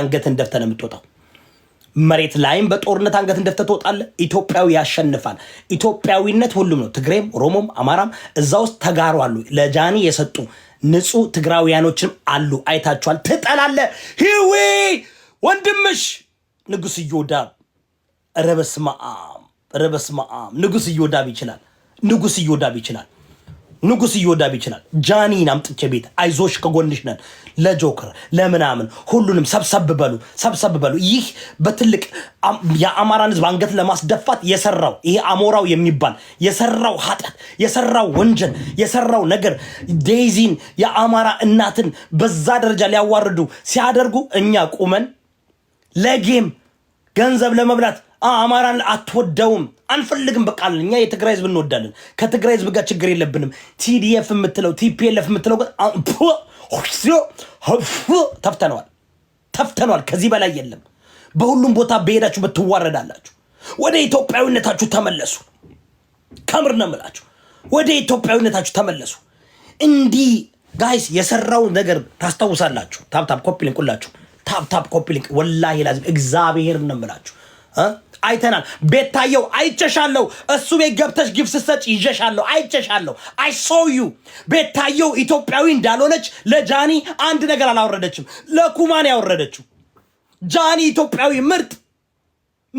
አንገትን ደፍተ ነው የምትወጣው። መሬት ላይም በጦርነት አንገትን ደፍተ ትወጣለ። ኢትዮጵያዊ ያሸንፋል። ኢትዮጵያዊነት ሁሉም ነው። ትግሬም፣ ኦሮሞም፣ አማራም እዛ ውስጥ ተጋሩ አሉ። ለጃኒ የሰጡ ንጹህ ትግራውያኖችም አሉ። አይታችኋል። ትጠላለ። ሂዊ ወንድምሽ ንጉስ እዮዳብ ረበስማም ረበስማም ንጉስ እዮዳብ ይችላል። ንጉስ እዮዳብ ይችላል። ንጉስ እየወዳብ ይችላል። ጃኒን አምጥቼ ቤት አይዞሽ ከጎንሽ ነን ለጆከር ለምናምን ሁሉንም ሰብሰብ በሉ ሰብሰብ በሉ። ይህ በትልቅ የአማራን ህዝብ አንገት ለማስደፋት የሰራው ይሄ አሞራው የሚባል የሰራው ኃጢአት የሰራው ወንጀል የሰራው ነገር ዴይዚን የአማራ እናትን በዛ ደረጃ ሊያዋርዱ ሲያደርጉ እኛ ቁመን ለጌም ገንዘብ ለመብላት አማራን አትወደውም፣ አንፈልግም፣ በቃ እኛ የትግራይ ህዝብ እንወዳለን። ከትግራይ ህዝብ ጋር ችግር የለብንም። ቲዲኤፍ የምትለው ቲፒኤልኤፍ የምትለው ተፍተነዋል፣ ተፍተነዋል። ከዚህ በላይ የለም። በሁሉም ቦታ በሄዳችሁ በትዋረዳላችሁ። ወደ ኢትዮጵያዊነታችሁ ተመለሱ። ከምር ነው የምላችሁ፣ ወደ ኢትዮጵያዊነታችሁ ተመለሱ። እንዲህ ጋይስ የሰራው ነገር ታስታውሳላችሁ። ታፕታፕ ኮፒ ሊንኩላችሁ፣ ታፕታፕ ኮፒ ሊንክ። ወላሂ ላዚም እግዚአብሔር ነው የምላችሁ አይተናል። ቤታየው አይቸሻለሁ። እሱ ቤት ገብተሽ ግብ ስትሰጭ ይዤሻለሁ፣ አይቸሻለሁ። አይ ዩ ቤታየው ኢትዮጵያዊ እንዳልሆነች ለጃኒ አንድ ነገር አላወረደችም፣ ለኩማን ያወረደችው ጃኒ ኢትዮጵያዊ ምርጥ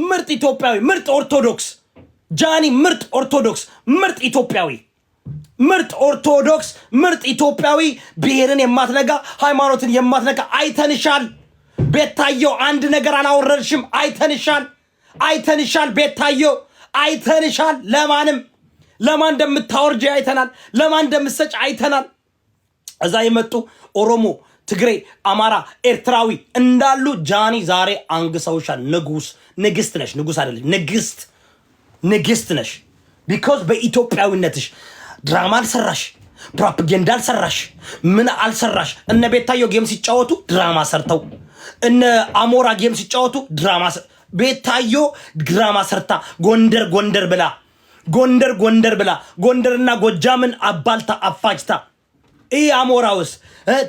ምርጥ ኢትዮጵያዊ ምርጥ ኦርቶዶክስ ጃኒ ምርጥ ኦርቶዶክስ ምርጥ ኢትዮጵያዊ ምርጥ ኦርቶዶክስ ምርጥ ኢትዮጵያዊ ብሔርን የማትነጋ ሃይማኖትን የማትነጋ አይተንሻል። ቤታየው አንድ ነገር አላወረድሽም፣ አይተንሻል። አይተንሻል፣ ቤታየው አይተንሻል። ለማንም ለማን እንደምታወርጅ አይተናል፣ ለማን እንደምሰጭ አይተናል። እዛ የመጡ ኦሮሞ፣ ትግሬ፣ አማራ፣ ኤርትራዊ እንዳሉ ጃኒ ዛሬ አንግሰውሻል። ንጉስ ንግስት ነሽ፣ ንጉስ አይደለሽ፣ ንግስት ንግስት ነሽ። ቢኮዝ በኢትዮጵያዊነትሽ ድራማ አልሰራሽ፣ ፕሮፓጋንዳ አልሰራሽ፣ ምን አልሰራሽ። እነ ቤታዮ ጌም ሲጫወቱ ድራማ ሰርተው፣ እነ አሞራ ጌም ሲጫወቱ ድራማ ቤታዮ ድራማ ሰርታ ጎንደር ጎንደር ብላ ጎንደር ጎንደር ብላ ጎንደርና ጎጃምን አባልታ አፋጅታ ይህ አሞራውስ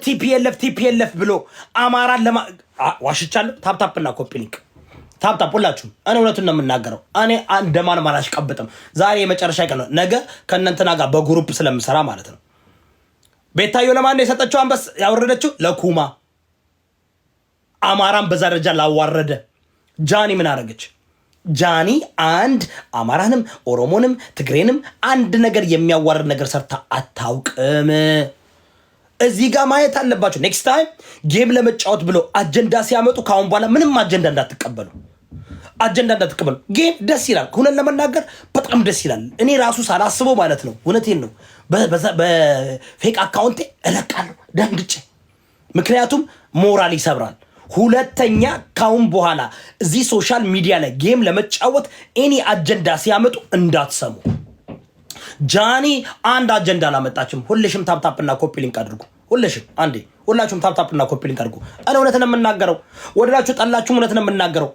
ቲፒኤልፍ ቲፒኤልፍ ብሎ አማራን ለማ ዋሽቻለሁ። ታፕታፕና ኮፒሊንክ ታፕታፕ ሁላችሁም። እኔ እውነቱን ነው የምናገረው። እኔ እንደ ማንም አላሽቀብጥም። ዛሬ የመጨረሻ ቀን ነው። ነገ ከእነንትና ጋር በግሩፕ ስለምሰራ ማለት ነው። ቤታዮ ለማን የሰጠችው አንበስ ያወረደችው ለኩማ አማራን በዛ ደረጃ ላዋረደ ጃኒ ምን አረገች? ጃኒ አንድ አማራንም ኦሮሞንም ትግሬንም አንድ ነገር የሚያዋርድ ነገር ሰርታ አታውቅም። እዚህ ጋር ማየት አለባቸው። ኔክስት ታይም ጌም ለመጫወት ብሎ አጀንዳ ሲያመጡ ከአሁን በኋላ ምንም አጀንዳ እንዳትቀበሉ፣ አጀንዳ እንዳትቀበሉ። ጌም ደስ ይላል፣ እውነት ለመናገር በጣም ደስ ይላል። እኔ ራሱ ሳላስበው ማለት ነው፣ እውነቴን ነው። በፌክ አካውንቴ እለቃለሁ ደንግጬ፣ ምክንያቱም ሞራል ይሰብራል። ሁለተኛ ካሁን በኋላ እዚህ ሶሻል ሚዲያ ላይ ጌም ለመጫወት ኤኒ አጀንዳ ሲያመጡ እንዳትሰሙ። ጃኒ አንድ አጀንዳ አላመጣችም። ሁልሽም ታፕታፕና ኮፒ ሊንክ አድርጉ። ሁልሽም አንዴ ሁላችሁም ታፕታፕና ኮፒ ሊንክ አድርጉ። እኔ እውነት ነው የምናገረው፣ ወደዳችሁ ጠላችሁም እውነት ነው የምናገረው።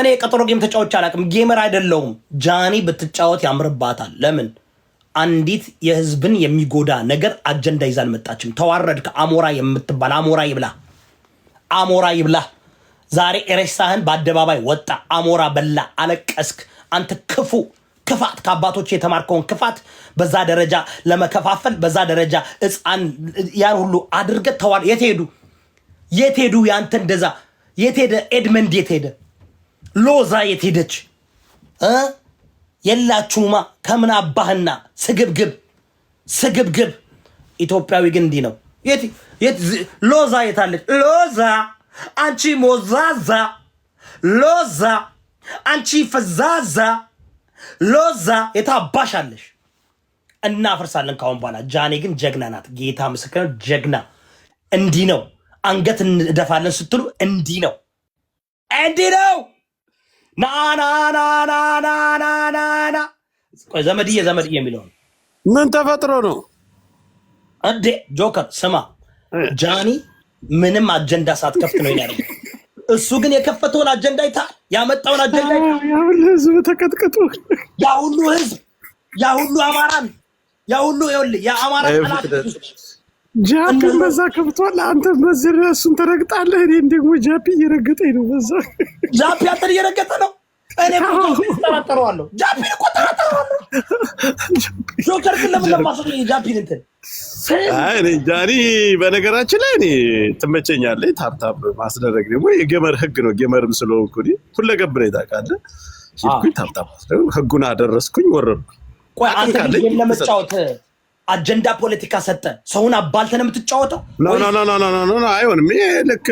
እኔ የቀጠሮ ጌም ተጫዎች አላቅም ጌመር አይደለውም። ጃኒ ብትጫወት ያምርባታል። ለምን አንዲት የህዝብን የሚጎዳ ነገር አጀንዳ ይዛ አልመጣችም። ተዋረድክ አሞራ የምትባል አሞራ ይብላ አሞራ ይብላ ዛሬ ኤሬሳህን በአደባባይ ወጣ፣ አሞራ በላ፣ አለቀስክ። አንተ ክፉ ክፋት ከአባቶች የተማርከውን ክፋት በዛ ደረጃ ለመከፋፈል በዛ ደረጃ ሕፃን ያን ሁሉ አድርገ ተዋል። የት ሄዱ? የት ሄዱ? ያንተ እንደዛ የት ሄደ? ኤድመንድ የት ሄደ? ሎዛ የት ሄደች? የላችሁማ። ከምን አባህና ስግብግብ ስግብግብ። ኢትዮጵያዊ ግን እንዲህ ነው። ሎዛ የታለች? ሎዛ አንቺ ሞዛዛ፣ ሎዛ አንቺ ፈዛዛ፣ ሎዛ የታባሽ አለሽ። እናፈርሳለን ካሁን በኋላ። ጃኔ ግን ጀግና ናት። ጌታ ምስክር ጀግና። እንዲህ ነው አንገት እንደፋለን ስትሉ እንዲህ ነው እንዲህ ነው። ናናናናናናና ዘመድዬ ዘመድዬ የሚለውን ምን ተፈጥሮ ነው? እንዴ ጆከር ስማ፣ ጃኒ ምንም አጀንዳ ሳትከፍት ነው ያለ። እሱ ግን የከፈተውን አጀንዳ ይታ ያመጣውን አጀንዳ ያሁሉ ህዝብ ተቀጥቅጦ፣ ያሁሉ ህዝብ፣ ያሁሉ አማራን፣ ያሁሉ ይኸውልህ፣ የአማራ ጃፒ በዛ ከብቷል። አንተ በዚህ እሱን ተረግጣለህ። እኔም ደግሞ ጃፒ እየረገጠኝ ነው። በዛ ጃፒ አንተን እየረገጠ ነው። እኔ ጠራጠረዋለሁ። ጃፒን እኮ ጠራጠረዋለሁ። ጆከር ግን ለምን ለማሰብ ጃፒን እንትን ጃኒ፣ በነገራችን ላይ እኔ ትመቸኛለች። ታብታብ ማስደረግ ደግሞ የገመር ህግ ነው። ገመርም ስለሆንኩ ሁለገብ ነው ታውቃለህ። ሄድኩኝ፣ ታብታብ ህጉን አደረስኩኝ፣ ወረድኩኝ። ለመጫወት አጀንዳ ፖለቲካ ሰጠ። ሰውን አባልተን የምትጫወተው አይሆንም። ይሄ ልክ